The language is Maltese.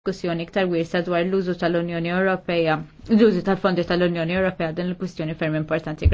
diskussjoni iktar wiesa dwar l-użu tal-Unjoni Ewropea, l-użu tal-fondi tal-Unjoni Ewropea din il-kwistjoni ferm importanti.